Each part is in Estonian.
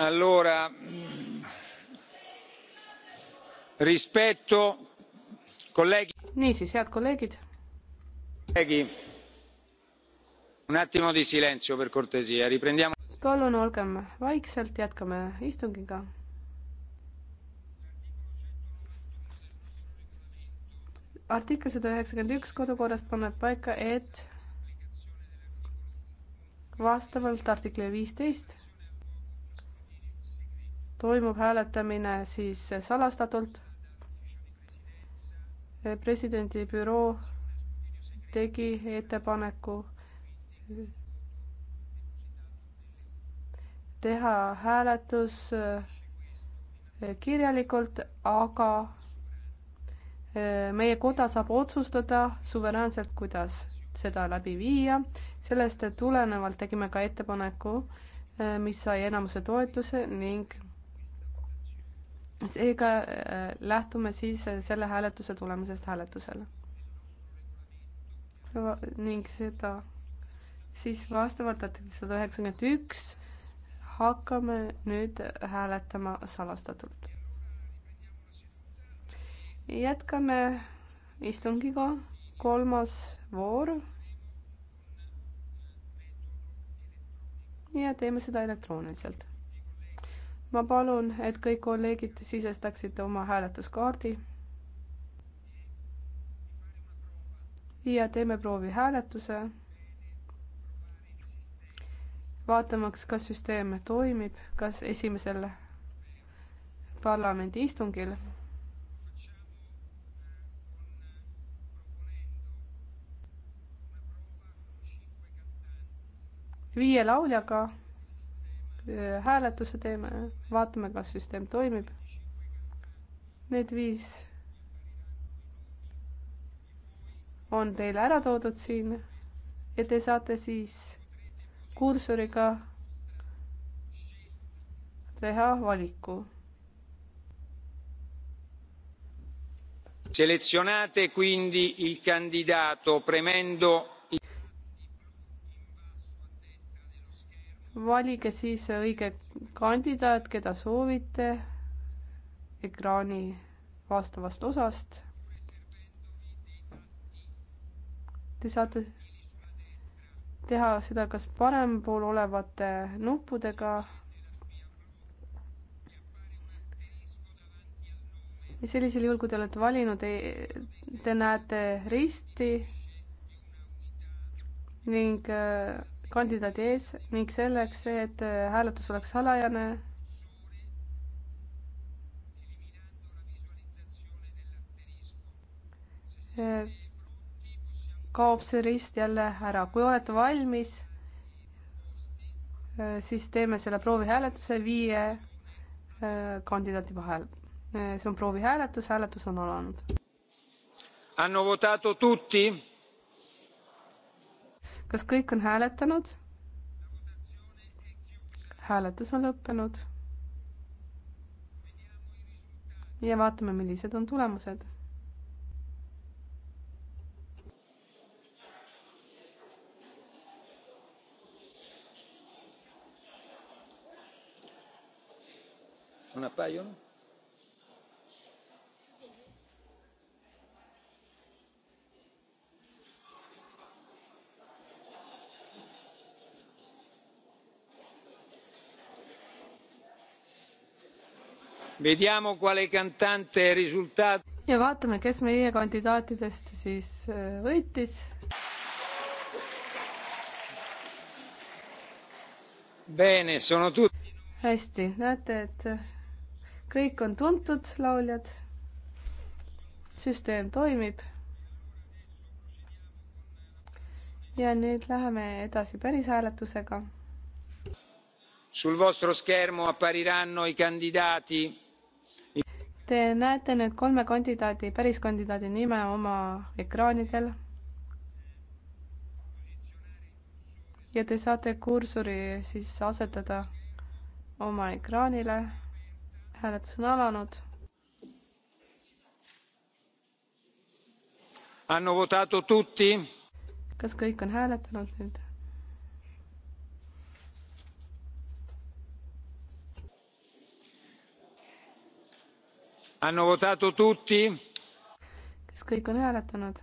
allora mm, rispetto kolleegi niisiis head kolleegid kolleegi un attimo di silenzio per cortesia riprendiamo palun olgem vaikselt jätkame istungiga artikkel sada üheksakümmend üks kodukorrast paneb paika, et vastavalt artiklile viisteist toimub hääletamine siis salastatult. presidendi büroo tegi ettepaneku teha hääletus eh, kirjalikult, aga eh, meie koda saab otsustada suveräänselt, kuidas seda läbi viia. sellest tulenevalt tegime ka ettepaneku, eh, mis sai enamuse toetuse ning seega äh, lähtume siis äh, selle hääletuse tulemusest hääletusel. ning seda siis vastavalt artiklile sada üheksakümmend üks hakkame nüüd hääletama salastatult. jätkame istungiga, kolmas voor. ja teeme seda elektrooniliselt ma palun, et kõik kolleegid sisestaksite oma hääletuskaardi. ja teeme proovi hääletuse. vaatamaks, kas süsteem toimib, kas esimesel parlamendi istungil viie lauljaga hääletuse teeme, vaatame, kas süsteem toimib. Need viis on teile ära toodud siin ja te saate siis kursoriga teha valiku. selezionate quindi il candidato premendo valige siis õige kandidaat, keda soovite ekraani vastavast osast. Te saate teha seda kas parempool olevate nuppudega ja sellisel juhul, kui te olete valinud, te näete risti ning äh, kandidaadi ees ning selleks, et äh, hääletus oleks salajane, äh, kaob see rist jälle ära. kui olete valmis, äh, siis teeme selle proovihääletuse viie kandidaadi vahel. see on proovihääletus, hääletus on alanud. Hanno votato tutti? kas kõik on hääletanud? hääletus on lõppenud. ja vaatame, millised on tulemused un appaiono? ja vaatame, kes meie kandidaatidest siis äh, võitis. hästi, näete, et äh, kõik on tuntud lauljad. süsteem toimib. ja nüüd läheme edasi päris hääletusega sul vostro schermo appariranno i candidati Te näete need kolme kandidaadi, päriskandidaadi nime oma ekraanidel. ja te saate kursori siis asetada oma ekraanile. hääletus on alanud hanno votato tutti? kas kõik on hääletanud nüüd? hanno votato tutti kas kõik on hääletanud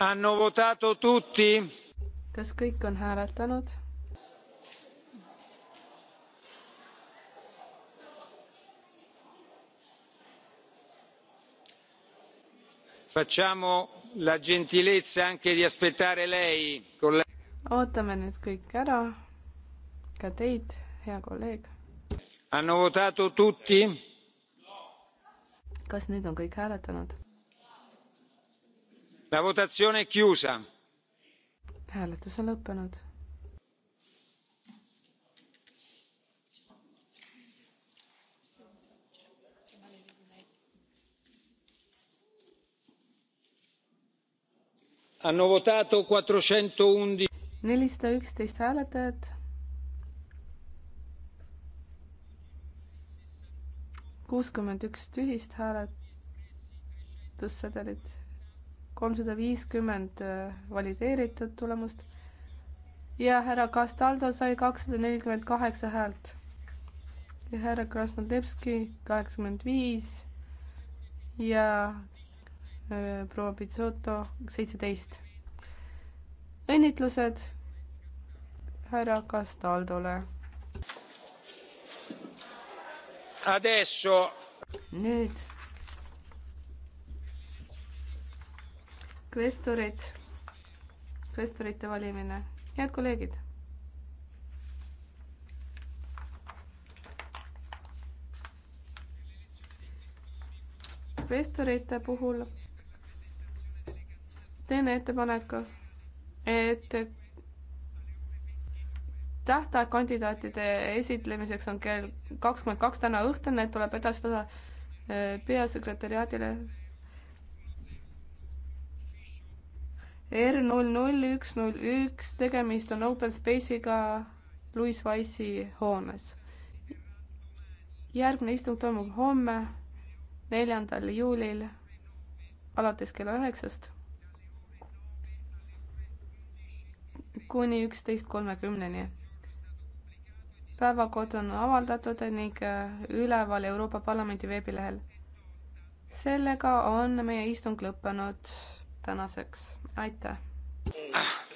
hanno votato tutti kas kõik on hääletanud facciamo la gentilezza anche di aspettare lei ootame nüüd kõik ära ka teid hea kolleeg hanno votato tutti kas nüüd on kõik hääletanud la votazione è chiusa hääletus on lõppenud nelisada üksteist hääletajat. kuuskümmend üks tühist hääletussedelit, kolmsada viiskümmend äh, valideeritud tulemust ja härra Castaldo sai kakssada nelikümmend kaheksa häält ja härra Krasnodebski kaheksakümmend viis ja Äh, proua Pitsoto seitseteist. õnnitlused härra Castaldole. nüüd kvestorid, kvestorite valimine. head kolleegid investorite puhul teine ettepanek, et tähtaeg kandidaatide esitlemiseks on kell kakskümmend kaks täna õhtul, need tuleb edastada äh, peasekretäriaadile R null null üks null üks, tegemist on Open Space'iga Louis Wise'i hoones. järgmine istung toimub homme, neljandal juulil alates kella üheksast kuni üksteist kolmekümneni. päevakord on avaldatud ning äh, üleval Euroopa Parlamendi veebilehel. sellega on meie istung lõppenud tänaseks, aitäh ah.!